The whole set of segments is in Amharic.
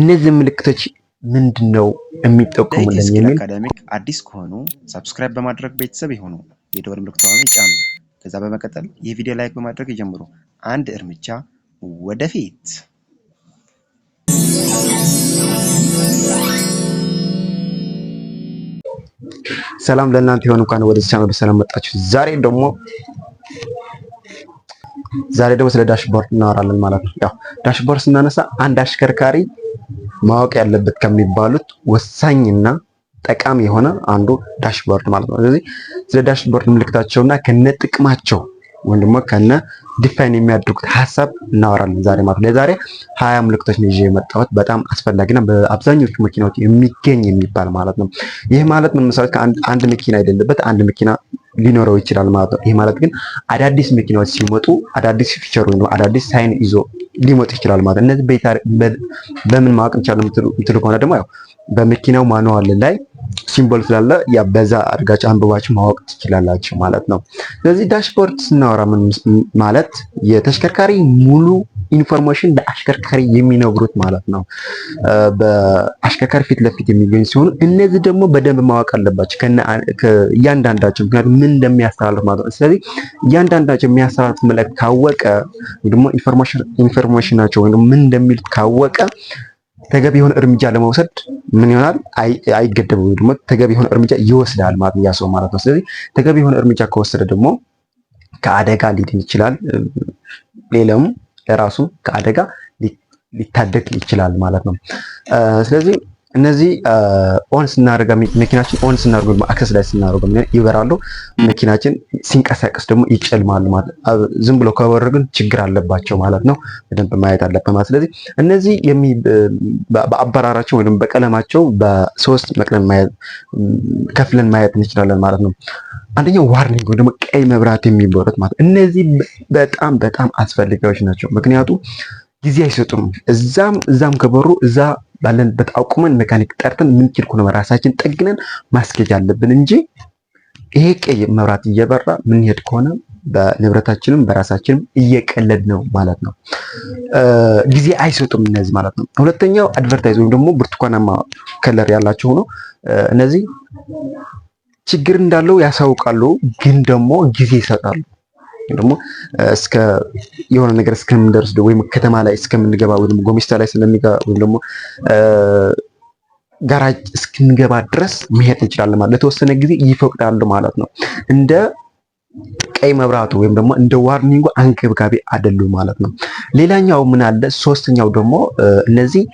እነዚህ ምልክቶች ምንድን ነው የሚጠቁሙልን የሚል አዲስ ከሆኑ ሰብስክራይብ በማድረግ ቤተሰብ የሆኑ የደወል ምልክት ሆኑ ይጫኑ። ከዛ በመቀጠል የቪዲዮ ላይክ በማድረግ ይጀምሩ። አንድ እርምጃ ወደፊት ሰላም ለእናንተ የሆኑ እንኳን ወደዚህ ቻናል በሰላም መጣችሁ። ዛሬ ደግሞ ዛሬ ደግሞ ስለ ዳሽቦርድ እናወራለን ማለት ነው። ያው ዳሽቦርድ ስናነሳ አንድ አሽከርካሪ ማወቅ ያለበት ከሚባሉት ወሳኝና ጠቃሚ የሆነ አንዱ ዳሽቦርድ ማለት ነው። ስለዚህ ስለ ዳሽቦርድ ምልክታቸውና ከነ ጥቅማቸው ወይም ደግሞ ከነ ዲፋይን የሚያደርጉት ሀሳብ እናወራለን ዛሬ ማለት ነው። ለዛሬ ሀያ ምልክቶች ነው ይዤ የመጣሁት በጣም አስፈላጊና በአብዛኞቹ መኪናዎች የሚገኝ የሚባል ማለት ነው። ይህ ማለት ምን መሰረት ከአንድ መኪና አይደለበት አንድ መኪና ሊኖረው ይችላል ማለት ነው። ይህ ማለት ግን አዳዲስ መኪናዎች ሲመጡ አዳዲስ ፊቸር ወይ አዳዲስ ሳይን ይዞ ሊመጡ ይችላል ማለት ነው። እነዚህ በምን ማወቅ እንችላለን የምትሉ ከሆነ ደግሞ ያው በመኪናው ማኑዋል ላይ ሲምቦል ስላለ ያ በዛ አድርጋችሁ አንብባችሁ ማወቅ ትችላላችሁ ማለት ነው። ስለዚህ ዳሽቦርድ ስናወራ ማለት የተሽከርካሪ ሙሉ ኢንፎርሜሽን ለአሽከርካሪ የሚነግሩት ማለት ነው። በአሽከርካሪ ፊት ለፊት የሚገኙ ሲሆኑ እነዚህ ደግሞ በደንብ ማወቅ አለባቸው እያንዳንዳቸው፣ ምክንያቱም ምን እንደሚያስተላልፍ ማለት ነው። ስለዚህ እያንዳንዳቸው የሚያስተላልፍ መልእክት ካወቀ ደግሞ ናቸው ወይም ምን እንደሚሉት ካወቀ ተገቢ የሆነ እርምጃ ለመውሰድ ምን ይሆናል አይገደቡ ደግሞ ተገቢ የሆነ እርምጃ ይወስዳል ማለት ነው ያ ሰው ማለት ነው። ስለዚህ ተገቢ የሆነ እርምጃ ከወሰደ ደግሞ ከአደጋ ሊድን ይችላል፣ ሌላውም ለራሱ ከአደጋ ሊታደግ ይችላል ማለት ነው። ስለዚህ እነዚህ ኦን ስናደርጋ መኪናችን ኦን ስናደርገው አክሰስ ላይ ስናደርገው ይበራሉ። መኪናችን ሲንቀሳቀስ ደግሞ ይጨልማሉ ማለት ዝም ብሎ ከበሩ ግን ችግር አለባቸው ማለት ነው። በደንብ ማየት አለበት ማለት ስለዚህ እነዚህ በአበራራቸው ወይም በቀለማቸው በሶስት መቅለን ከፍለን ማየት እንችላለን ማለት ነው። አንደኛው ዋርኒንግ ወይ ደግሞ ቀይ መብራት የሚበሩት ማለት እነዚህ በጣም በጣም አስፈልጋዮች ናቸው። ምክንያቱም ጊዜ አይሰጡም። እዛም እዛም ከበሩ እዛ ባለንበት አቁመን መካኒክ ጠርተን ምንችል ከሆነ ራሳችን ጠግነን ማስኬጅ አለብን እንጂ ይሄ ቀይ መብራት እየበራ ምንሄድ ከሆነ በንብረታችንም በራሳችንም እየቀለድ ነው ማለት ነው። ጊዜ አይሰጡም እነዚህ ማለት ነው። ሁለተኛው አድቨርታይዝ ወይም ደግሞ ብርቱካናማ ከለር ያላቸው ሆኖ እነዚህ ችግር እንዳለው ያሳውቃሉ፣ ግን ደግሞ ጊዜ ይሰጣሉ። ደግሞ እስከ የሆነ ነገር እስከምንደርስ ወይም ከተማ ላይ እስከምንገባ ወይም ጎሚስታ ላይ ስለሚገባ ወይም ደግሞ ጋራጅ እስክንገባ ድረስ መሄድ እንችላለን ማለት ለተወሰነ ጊዜ ይፈቅዳሉ ማለት ነው። እንደ ቀይ መብራቱ ወይም ደግሞ እንደ ዋርኒንጉ አንገብጋቢ አይደሉም ማለት ነው። ሌላኛው ምን አለ? ሶስተኛው ደግሞ እነዚህ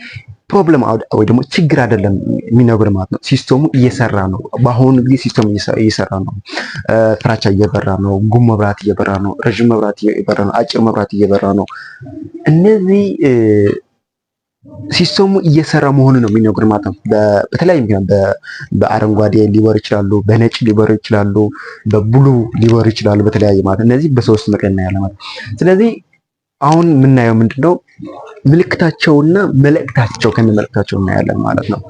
ፕሮብለም ወይ ደግሞ ችግር አይደለም የሚነግር ማለት ነው። ሲስተሙ እየሰራ ነው። በአሁኑ ጊዜ ሲስተሙ እየሰራ ነው። ፍራቻ እየበራ ነው። ጉም መብራት እየበራ ነው። ረዥም መብራት እየበራ ነው። አጭር መብራት እየበራ ነው። እነዚህ ሲስተሙ እየሰራ መሆኑ ነው የሚነግር ማለት ነው። በተለያዩ ምክንያት በአረንጓዴ ሊበሩ ይችላሉ፣ በነጭ ሊበሩ ይችላሉ፣ በብሉ ሊበሩ ይችላሉ። በተለያየ ማለት እነዚህ በሶስት መቀና ያለ ማለት ስለዚህ አሁን የምናየው ምንድን ነው? ምልክታቸውና መልእክታቸው ከነመልእክታቸው እናያለን ማለት ነው።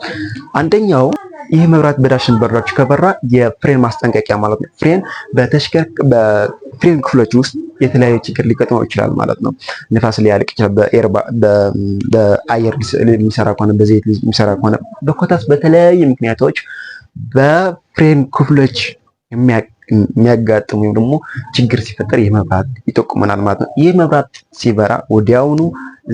አንደኛው ይህ መብራት በዳሽን በራችሁ ከበራ የፍሬን ማስጠንቀቂያ ማለት ነው። ፍሬን በፍሬን ክፍሎች ውስጥ የተለያዩ ችግር ሊገጥመው ይችላል ማለት ነው። ንፋስ ሊያልቅ ይችላል። በአየር የሚሰራ ከሆነ በዘይት የሚሰራ ከሆነ በኮታስ በተለያዩ ምክንያቶች በፍሬን ክፍሎች የሚያ የሚያጋጥሙ ወይም ደግሞ ችግር ሲፈጠር የመብራት ይጠቁመናል ማለት ነው። ይህ መብራት ሲበራ ወዲያውኑ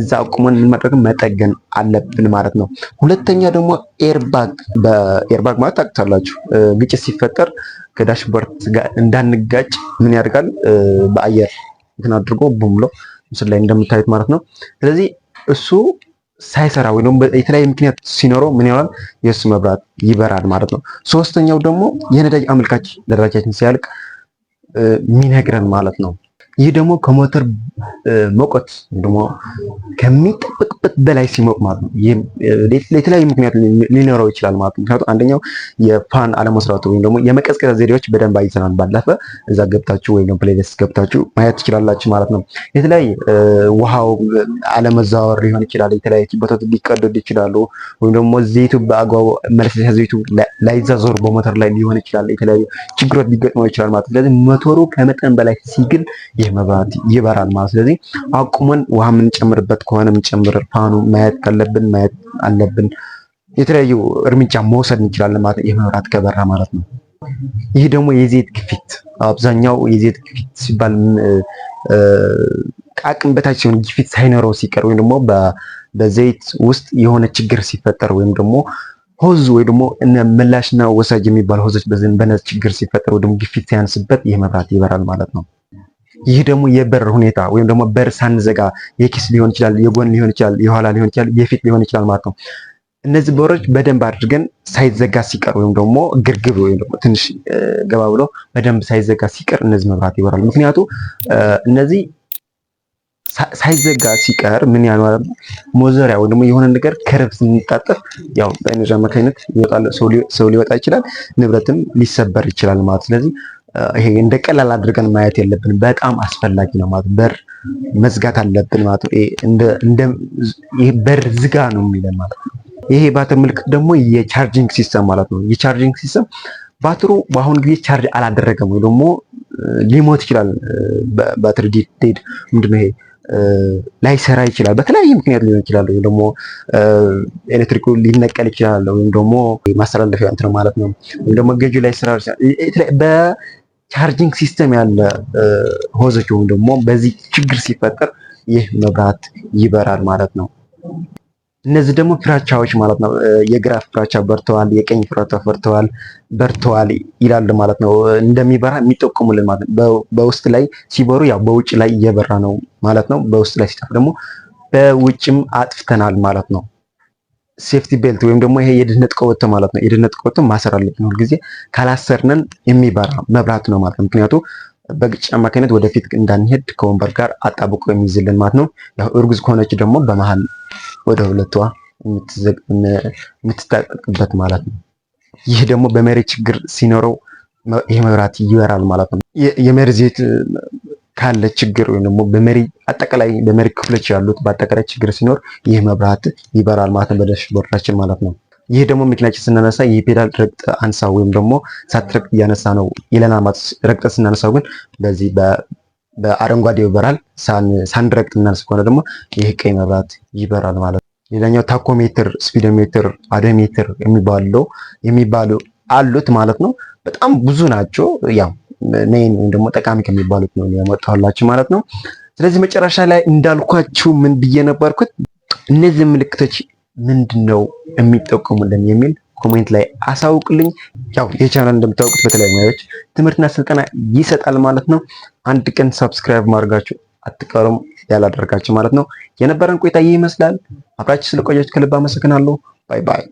እዛ አቁመን ማድረግ መጠገን አለብን ማለት ነው። ሁለተኛ ደግሞ ኤርባግ በኤርባግ ማለት ታቅታላችሁ ግጭት ሲፈጠር ከዳሽቦርድ ጋር እንዳንጋጭ ምን ያደርጋል በአየር እንትን አድርጎ ቡም ብሎ ምስል ላይ እንደምታዩት ማለት ነው። ስለዚህ እሱ ሳይሰራ ወይ ደግሞ የተለያየ ምክንያት ሲኖረው ምን ይሆናል? የእሱ መብራት ይበራል ማለት ነው። ሶስተኛው ደግሞ የነዳጅ አመልካች ደረጃችን ሲያልቅ ሚነግረን ማለት ነው። ይህ ደግሞ ከሞተር መቆት ደግሞ ከሚጠበቅበት በላይ ሲሞቅ ማለት ነው። የተለያዩ ምክንያት ሊኖረው ይችላል ማለት ነው። ምክንያቱም አንደኛው የፋን አለመስራቱ ወይም ደግሞ የመቀዝቀዣ ዘዴዎች በደንብ አይተናል። ባለፈ እዛ ገብታችሁ ወይም ደግሞ ፕሌሊስት ገብታችሁ ማየት ትችላላችሁ ማለት ነው። የተለያየ ውሃው አለመዛወር ሊሆን ይችላል። የተለያየ ቦታዎች ሊቀደድ ይችላሉ። ወይም ደግሞ ዘይቱ በአግባቡ መልፈሻ ዘይቱ ላይዛዞር በሞተር ላይ ሊሆን ይችላል። የተለያዩ ችግሮች ሊገጥመው ይችላል ማለት ነው። ስለዚህ ሞተሩ ከመጠን በላይ ሲግል ይህ ይበራል ማለት። ስለዚህ አቁመን ውሃ የምንጨምርበት ከሆነ የምንጨምር ፋኑ ማየት ካለብን ማየት አለብን። የተለያዩ እርምጃ መውሰድ እንችላለን ማለት ነው፣ መብራት ከበራ ማለት ነው። ይህ ደግሞ የዘይት ግፊት አብዛኛው የዘይት ግፊት ሲባል ከአቅም በታች ሲሆን ግፊት ሳይኖረው ሲቀር ወይም ደግሞ በዘይት ውስጥ የሆነ ችግር ሲፈጠር ወይም ደግሞ ሆዝ ወይ ደግሞ እነ ምላሽና ወሳጅ የሚባሉ ሆዞች በነዚህ ችግር ሲፈጠር ወይ ደግሞ ግፊት ሲያንስበት ይህ መብራት ይበራል ማለት ነው። ይህ ደግሞ የበር ሁኔታ ወይም ደግሞ በር ሳንዘጋ የኪስ ሊሆን ይችላል፣ የጎን ሊሆን ይችላል፣ የኋላ ሊሆን ይችላል፣ የፊት ሊሆን ይችላል ማለት ነው። እነዚህ በሮች በደንብ አድርገን ሳይዘጋ ሲቀር ወይም ደግሞ ግርግብ ወይም ደግሞ ትንሽ ገባ ብሎ በደንብ ሳይዘጋ ሲቀር እነዚህ መብራት ይበራሉ። ምክንያቱ እነዚህ ሳይዘጋ ሲቀር ምን ያኗል ሞዘሪያ ወይ ደግሞ የሆነ ነገር ከረብ ስንጣጠፍ ያው በኤነርጂ አማካኝነት ሰው ሊወጣ ይችላል፣ ንብረትም ሊሰበር ይችላል ማለት ስለዚህ ይሄ እንደ ቀላል አድርገን ማየት የለብንም። በጣም አስፈላጊ ነው ማለት በር መዝጋት አለብን ማለት ነው። ይሄ በር ዝጋ ነው የሚለን ማለት ነው። ይሄ ባትር ምልክት ደግሞ የቻርጂንግ ሲስተም ማለት ነው። የቻርጂንግ ሲስተም ባትሩ በአሁኑ ጊዜ ቻርጅ አላደረገም ወይ ደግሞ ሊሞት ይችላል። ባትሪ ዴድ ምንድነው ይሄ ላይሰራ ይችላል። በተለያየ ምክንያት ሊሆን ይችላል። ወይም ደግሞ ኤሌክትሪኩ ሊነቀል ይችላል። ወይም ደግሞ ማስተላለፊያ እንትን ማለት ነው። ወይም ደግሞ ገጁ ላይሰራ ይችላል። ቻርጂንግ ሲስተም ያለ ሆዘች ወይም ደግሞ በዚህ ችግር ሲፈጠር ይህ መብራት ይበራል ማለት ነው። እነዚህ ደግሞ ፍራቻዎች ማለት ነው። የግራ ፍራቻ በርተዋል፣ የቀኝ ፍራቻ በርተዋል በርተዋል ይላል ማለት ነው። እንደሚበራ የሚጠቁሙልን ማለት ነው። በውስጥ ላይ ሲበሩ ያው በውጭ ላይ እየበራ ነው ማለት ነው። በውስጥ ላይ ሲጠፍ ደግሞ በውጭም አጥፍተናል ማለት ነው። ሴፍቲ ቤልት ወይም ደግሞ ይሄ የድህነት ቀወት ማለት ነው። የድህነት ቀወት ማሰር አለብን ሁልጊዜ። ካላሰርነን የሚበራ መብራት ነው ማለት ነው። ምክንያቱ በግጭት አማካኝነት ወደፊት እንዳንሄድ ከወንበር ጋር አጣብቆ የሚይዝልን ማለት ነው። ያው እርጉዝ ከሆነች ደግሞ በመሀል ወደ ሁለቷ የምትታጠቅበት ማለት ነው። ይህ ደግሞ በመሪ ችግር ሲኖረው ይሄ መብራት ይበራል ማለት ነው። የመሪ ዘይት ካለ ችግር ወይም ደግሞ በመሪ አጠቃላይ በመሪ ክፍሎች ያሉት በአጠቃላይ ችግር ሲኖር ይህ መብራት ይበራል ማለት ነው፣ በዳሽቦርዳችን ማለት ነው። ይህ ደግሞ መኪናችን ስናነሳ ይህ ፔዳል ረግጠ አንሳ ወይም ደግሞ ሳትረግጥ እያነሳ ነው ይለናል ማለት ረግጠ ስናነሳው ግን በዚህ በአረንጓዴ ይበራል። ሳንረግጥ እናነሳ ከሆነ ደግሞ ይህ ቀይ መብራት ይበራል ማለት ነው። ሌላኛው ታኮሜትር፣ ስፒዶሜትር፣ አዶሜትር የሚባሉ አሉት ማለት ነው። በጣም ብዙ ናቸው ያው ነይን ወይም ደግሞ ጠቃሚ ከሚባሉት ነው ያመጣሁላችሁ ማለት ነው። ስለዚህ መጨረሻ ላይ እንዳልኳችሁ ምን ብዬ ነበርኩት? እነዚህ ምልክቶች ምንድን ነው የሚጠቁሙልን የሚል ኮሜንት ላይ አሳውቅልኝ። ያው የቻናል እንደምታውቁት በተለያዩ ሙያዎች ትምህርትና ስልጠና ይሰጣል ማለት ነው። አንድ ቀን ሰብስክራይብ ማድረጋችሁ አትቀሩም ያላደረጋችሁ ማለት ነው። የነበረን ቆይታ ይህ ይመስላል። አብራችሁ ስለቆያችሁ ከልብ አመሰግናለሁ። ባይ ባይ።